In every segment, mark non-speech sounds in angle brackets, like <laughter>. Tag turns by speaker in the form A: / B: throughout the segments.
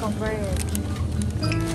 A: compare it.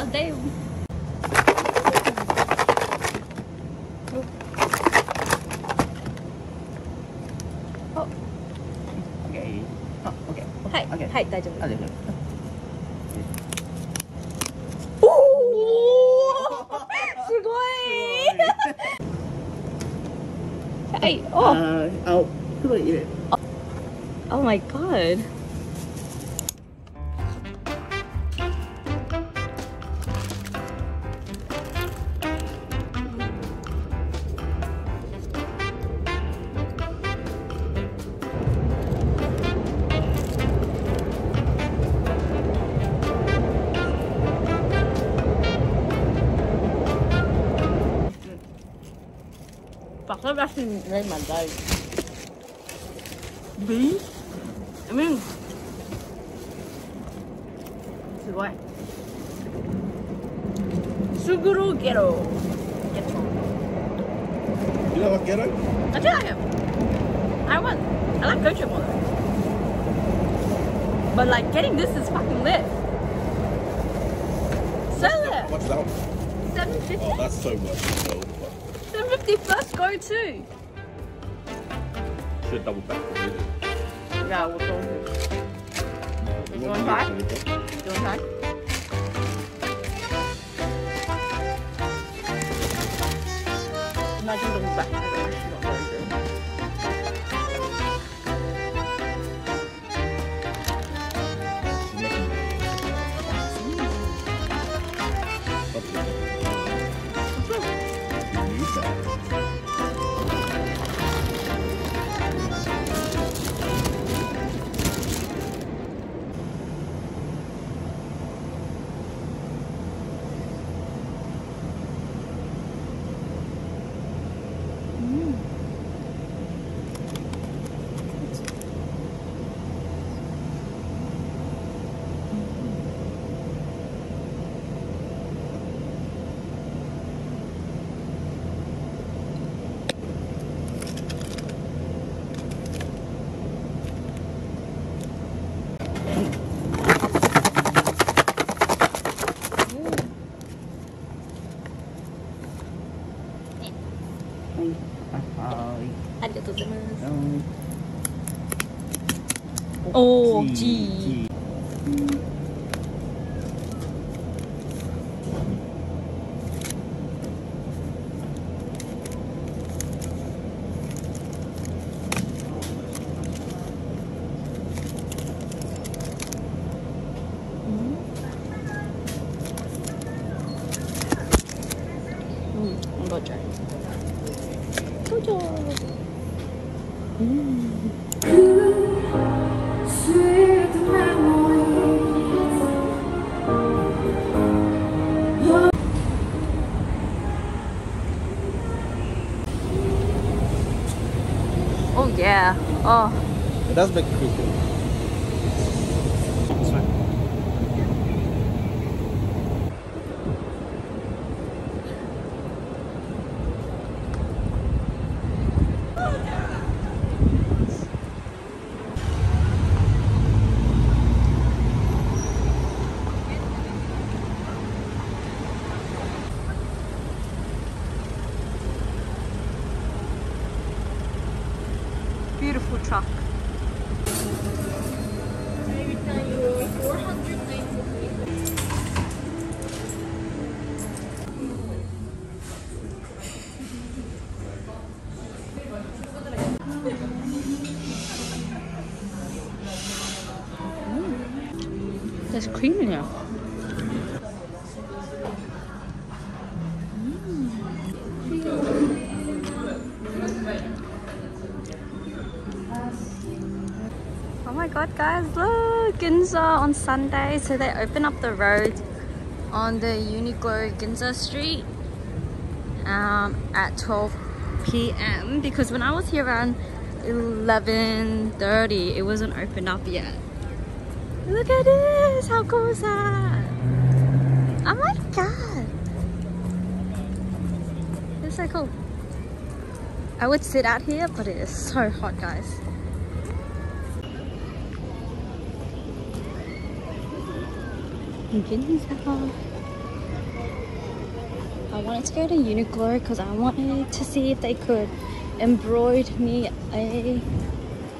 A: God damn. Oh. Okay. okay. Okay. <laughs> <laughs> Oh. Uh, oh, oh, my god. I've actually made my day. Beans? I mean, すごい。すぐろゲロ。ゲロ。You don't like ghetto? You ghetto? I do like it. I want. I like gochu more But like getting this is fucking lit. So lit. What's that? Seven fifty. Oh, that's so much. 51st go to? Should double back. Yeah, we'll go. You want back? You want back? Imagine double back. 오, 지. 지. 음, 이거 잘. 도전. 음. Oh. It does look creepy. There's cream in here. Oh my god guys, look! Ginza on Sunday, so they open up the road on the Uniqlo Ginza Street um, at 12 p.m. because when I was here around 11.30 it wasn't opened up yet. Look at this! How cool is that? Oh my god! It's so cool. I would sit out here, but it is so hot, guys. I wanted to go to Uniqlo because I wanted to see if they could embroider me a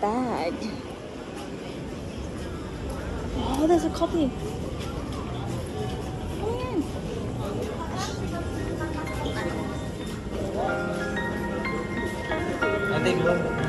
A: bag. Oh, there's a copy. I think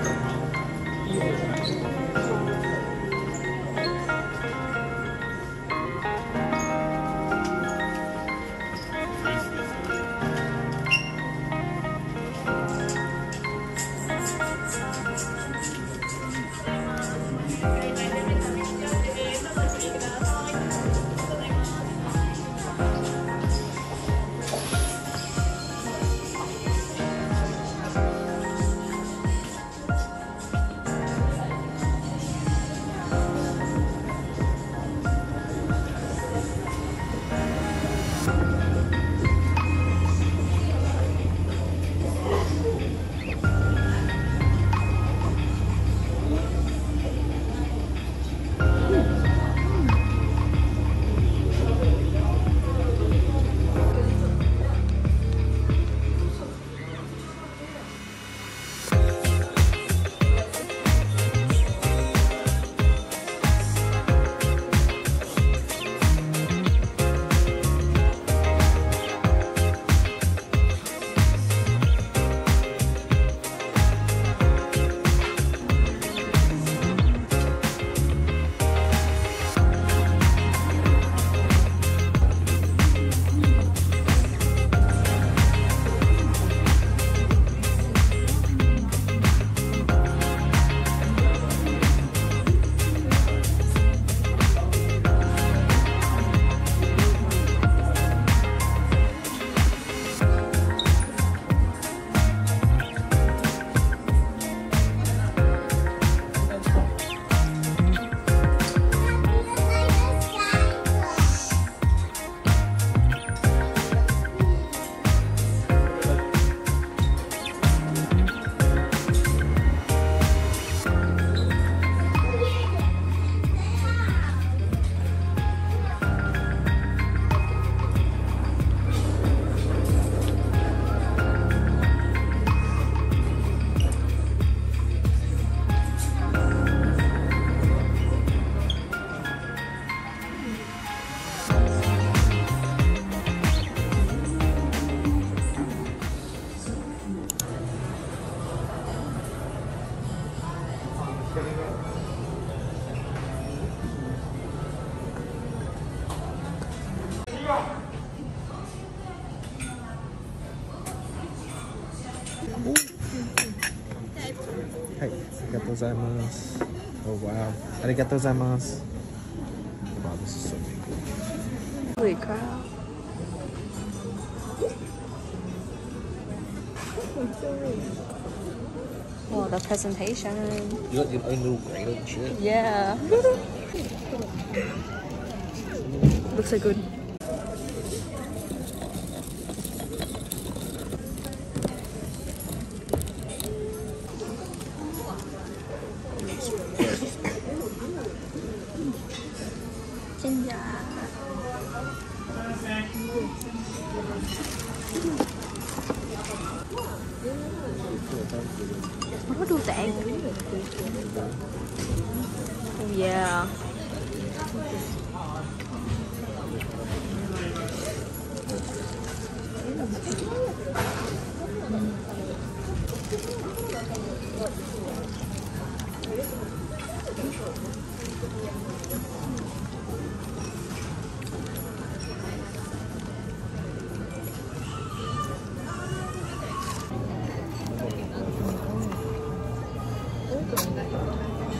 A: gozaimasu. Oh wow. Arigato gozaimasu. Wow, this is so big. Holy crap. Oh, the presentation. You got your own little grate and shit. Yeah. <laughs> Looks so good. Yeah. Thank you.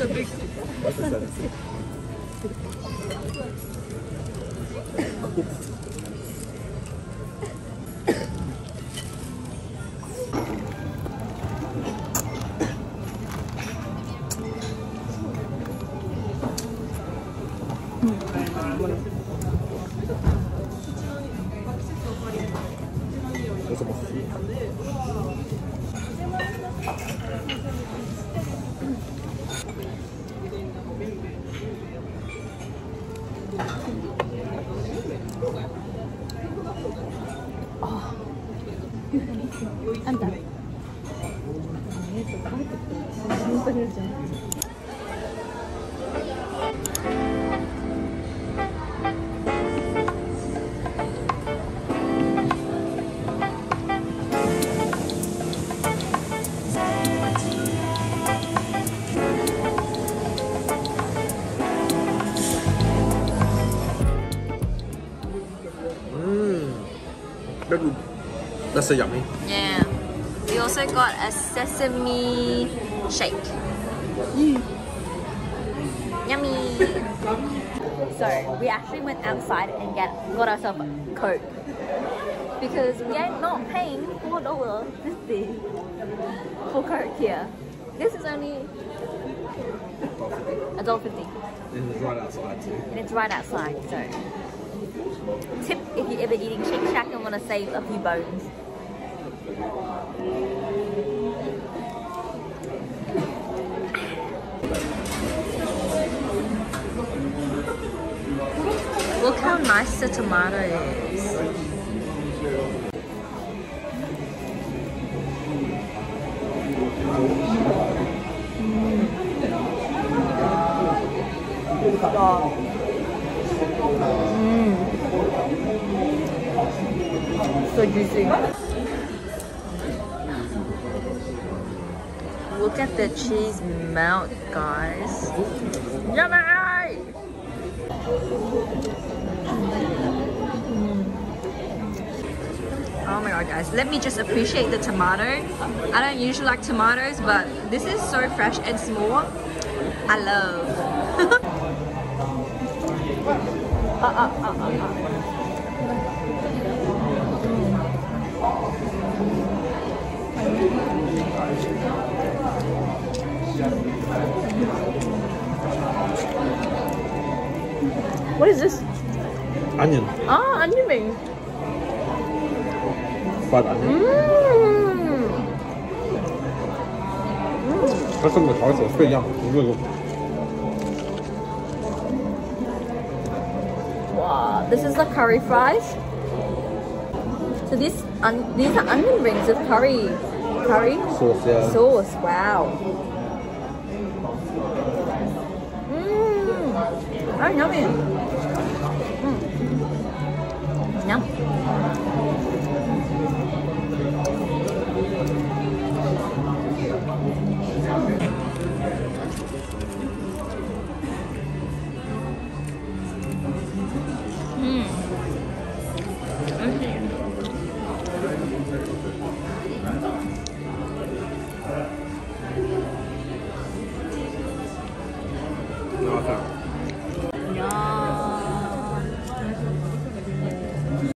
A: 私はね。That's so yummy. Yeah. We also got a sesame shake. Mm. Yummy. so we actually went outside and get, got ourselves a coke because we ain't not paying four dollars this day for coke here. This is only a dollar fifty. And it's right outside too. And it's right outside, so Tip if you're ever eating Shake Shack and want to save a few bones. Look how nice the tomato is. Stop. Mm. So juicy. Look at the cheese melt, guys. Yummy! Oh my god guys, let me just appreciate the tomato. I don't usually like tomatoes, but this is so fresh and small. I love. <laughs> uh, uh, uh, uh, uh. What is this? Onion. Ah, onion ring. Fried onion. Mmm. mmm. It's like Mm. Wow, this is the curry fries. So these, these are onion rings with curry. Curry? Sauce, yeah. Sauce, wow. Mmm, that's yummy.